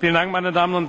Vielen Dank, meine Damen und